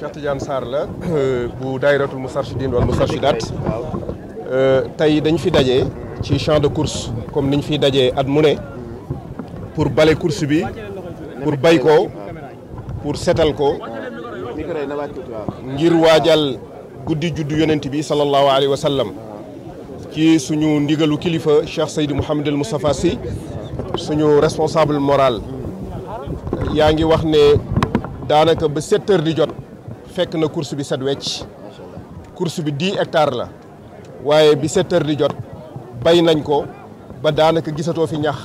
Cheikh Tidiane Sarr la bu daayiratul Moustarchidine wala Moustarchidaat euh, tey dañ fi daje ci champ de course comme niñ fiy dajee at mu ne pour bale course bi pour bay ko pour setal ko ngir waajal guddi juddu yonent bi sallallahu alayhi wa ci suñu ndigalu kilifa Cheikh Seydou Mouhamadul Moustapha si suñu responsable moral yaa ngi wax ne daanaka ba sept heures di jot fekk na course bi set wecc course bi di hectares la waaye bi sept heures di jot bay nañ ko ba daanaka gisatoo fi ñax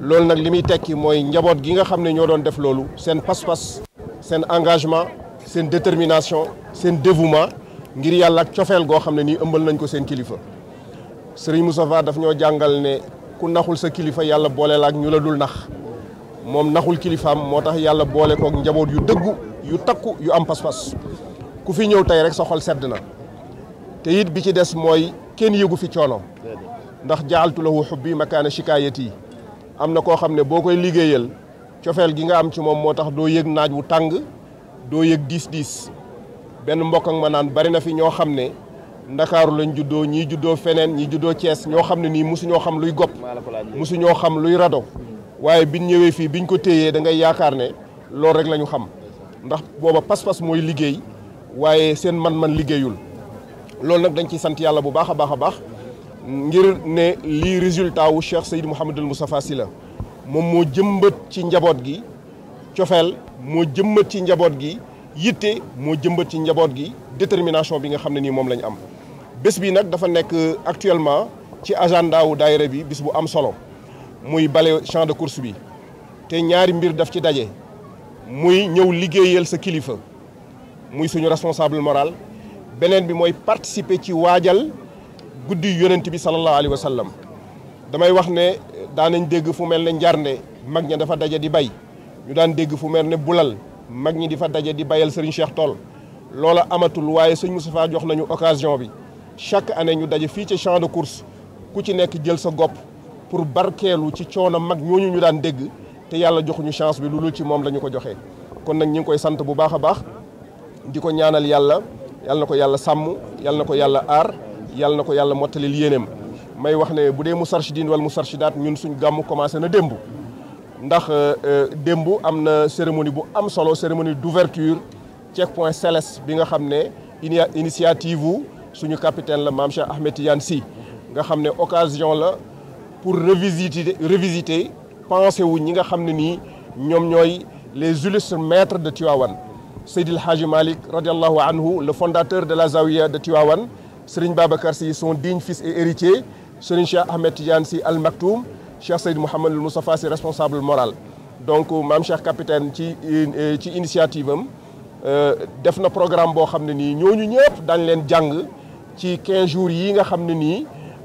loolu nag li muy tekki mooy njaboot gi nga xam ne ñoo doon def loolu seen pas-pas seen engagement seen détermination seen dévouement ngir yàlla ak cofeel goo xam ne nii ëmbal nañ ko seen kilifa Serigne Moustapha daf ñoo jàngal ne ku naxul sa kilifa yàlla booleel ak ñu la dul nax moom naxul kilifaam moo tax yàlla boole kook njaboot yu dëggu yu takku yu am pas-pas ku fi ñëw tey rek sa xol sedd na te it bi ci des mooy kenn yëgu fi coono ndax jaaltu lahu xubbi makaana shikaayat yi am na koo xam ne boo koy liggéeyal cofeel gi nga am ci moom moo tax doo yëg naaj wu tàng doo yëg diis diis benn mbokk ak ma naan bari na fi ñoo xam ne ndakaaru lañ juddoo ñii juddoo feneen ñii juddoo Cees ñoo xam ne nii mosu ñoo xam luy gopp mosu ñoo xam luy rado waaye biñ ñëwee fii bi ñu ko téyee dangay yaakaar ne loolu rek la ñu xam ndax booba pas-pas mooy liggéey waaye seen man-man liggéeyul loolu nag dañ ciy sant yàlla bu baax a baax a baax ngir ne lii résultat wu Cheikh Seydou Mouhamadul Moustapha Sy la moom moo jëmbët ci njaboot gi cofeel moo jëmbat ci njaboot gi yitte moo jëmbat ci njaboot gi détermination bi nga xam ne nii moom la am bés bi nag dafa nekk actuellement ci agenda wu daayira bi bis bu am solo muy bale champ de course bi te ñaari mbir daf ci daje muy ñëw liggéeyal sa kilifa muy suñu responsable moral beneen bi mooy participer ci waajal guddi yonent bi sallallahu alayhi wa sallam damay wax ne daanañ dégg fu mel ne njarnde mag ñi dafa daje di bay ñu daan dégg fu mel ne bulal mag ñi di fa daje di bayal Serigne Cheikh tool loola amatul waaye sëñ Moustapha jox nañu occasion bi chaque année ñu daje fii ci champ de course ku ci nekk jël sa gopp pour barquer ci coono mag ñooñu ñu daan dégg te yàlla ñu chance bi loolu ci mom lañu ko joxé kon nak ñing koy sante bu baaxa baax diko ñaanal yalla yàlla na ko yàlla yalla yàlla na ko yàlla aar yàlla na ko may wax ne bu dee wal wala ñun suñu gamu commencé na dembu ndax euh, euh, dembu amna cérémonie bu am solo cérémonie d'ouverture checkpoint Céleste bi nga xamné initiative suñu capitaine la mam Cheikh Ahmed Tidiane Sy nga xamné occasion la pour revisiter revisiter penser wu ñi nga les illustres maîtres de Tiwawan. Seydil El Malik, Malik anhu le fondateur de la Zawiya de Tiwawan, Serigne Babakar, son digne fils et héritier Serigne Cheikh Ahmed Tidiane Al Maktoum Cheikh Seyd Mohamed El responsable moral donc Mme Cheikh capitaine ci euh, ci initiative avons euh, def un programme qui nous a nii ñëpp dañ leen 15 jours yi nga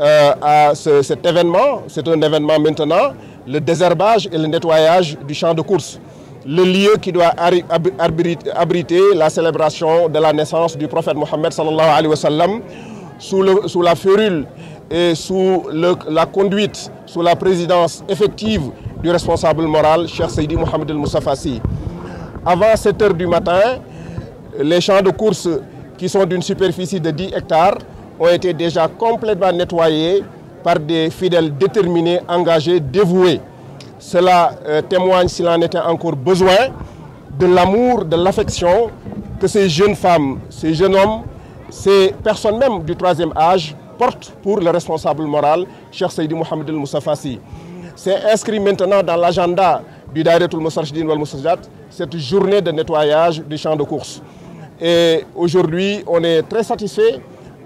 Euh, à cet événement. C'est un événement maintenant, le désherbage et le nettoyage du champ de course. Le lieu qui doit abriter la célébration de la naissance du prophète Mohammed sallallahu alayhi wa sallam sous, la furule et sous la conduite, sous la présidence effective du responsable moral, Cheikh Seydi Mohamed El-Moussafassi. Avant 7 h du matin, les champs de course qui sont d'une superficie de 10 hectares ont été déjà complètement nettoyés par des fidèles déterminés, engagés, dévoués. Cela euh, témoigne, s'il en était encore besoin, de l'amour, de l'affection que ces jeunes femmes, ces jeunes hommes, ces personnes même du troisième âge portent pour le responsable moral, Cher Seydi Mohamed El-Moussafassi. C'est inscrit maintenant dans l'agenda du Dairetul Moussarchidin wal Moussajat, cette journée de nettoyage du champ de course. Et aujourd'hui, on est très satisfait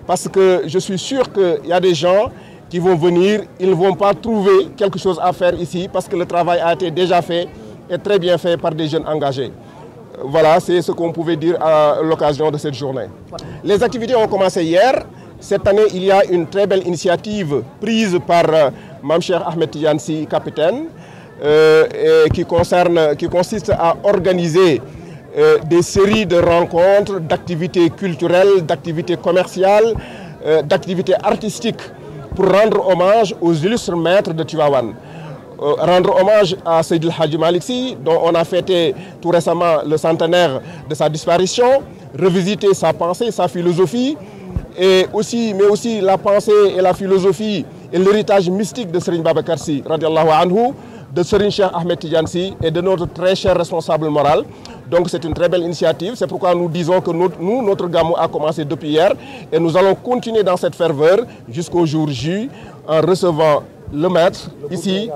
parce que je suis sûr qu'il y a des gens qui vont venir, ils ne vont pas trouver quelque chose à faire ici parce que le travail a été déjà fait et très bien fait par des jeunes engagés. Voilà, c'est ce qu'on pouvait dire à l'occasion de cette journée. Les activités ont commencé hier. Cette année, il y a une très belle initiative prise par euh, Mamcher Ahmed Yansi, capitaine, euh, qui, concerne, qui consiste à organiser euh, des séries de rencontres, d'activités culturelles, d'activités commerciales, euh, d'activités artistiques pour rendre hommage aux illustres maîtres de Tuawan. Euh, rendre hommage à Seydil Haji Alixi dont on a fêté tout récemment le centenaire de sa disparition, revisiter sa pensée, sa philosophie, et aussi, mais aussi la pensée et la philosophie et l'héritage mystique de Serigne Babacar Sy, anhu, de Serigne Cheikh Ahmed Tidjansi et de notre très cher responsable moral. Donc c'est une très belle initiative, c'est pourquoi nous disons que nous, notre gamme a commencé depuis hier et nous allons continuer dans cette ferveur jusqu'au jour J en recevant le maître ici,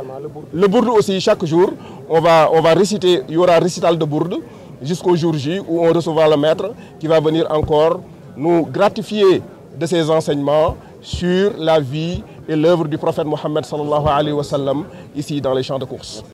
le bourde aussi chaque jour, on va, on va réciter, il y aura un récital de bourde jusqu'au jour J où on recevra le maître qui va venir encore nous gratifier de ses enseignements sur la vie et l'œuvre du prophète Mohammed sallallahu alayhi wa sallam ici dans les champs de course.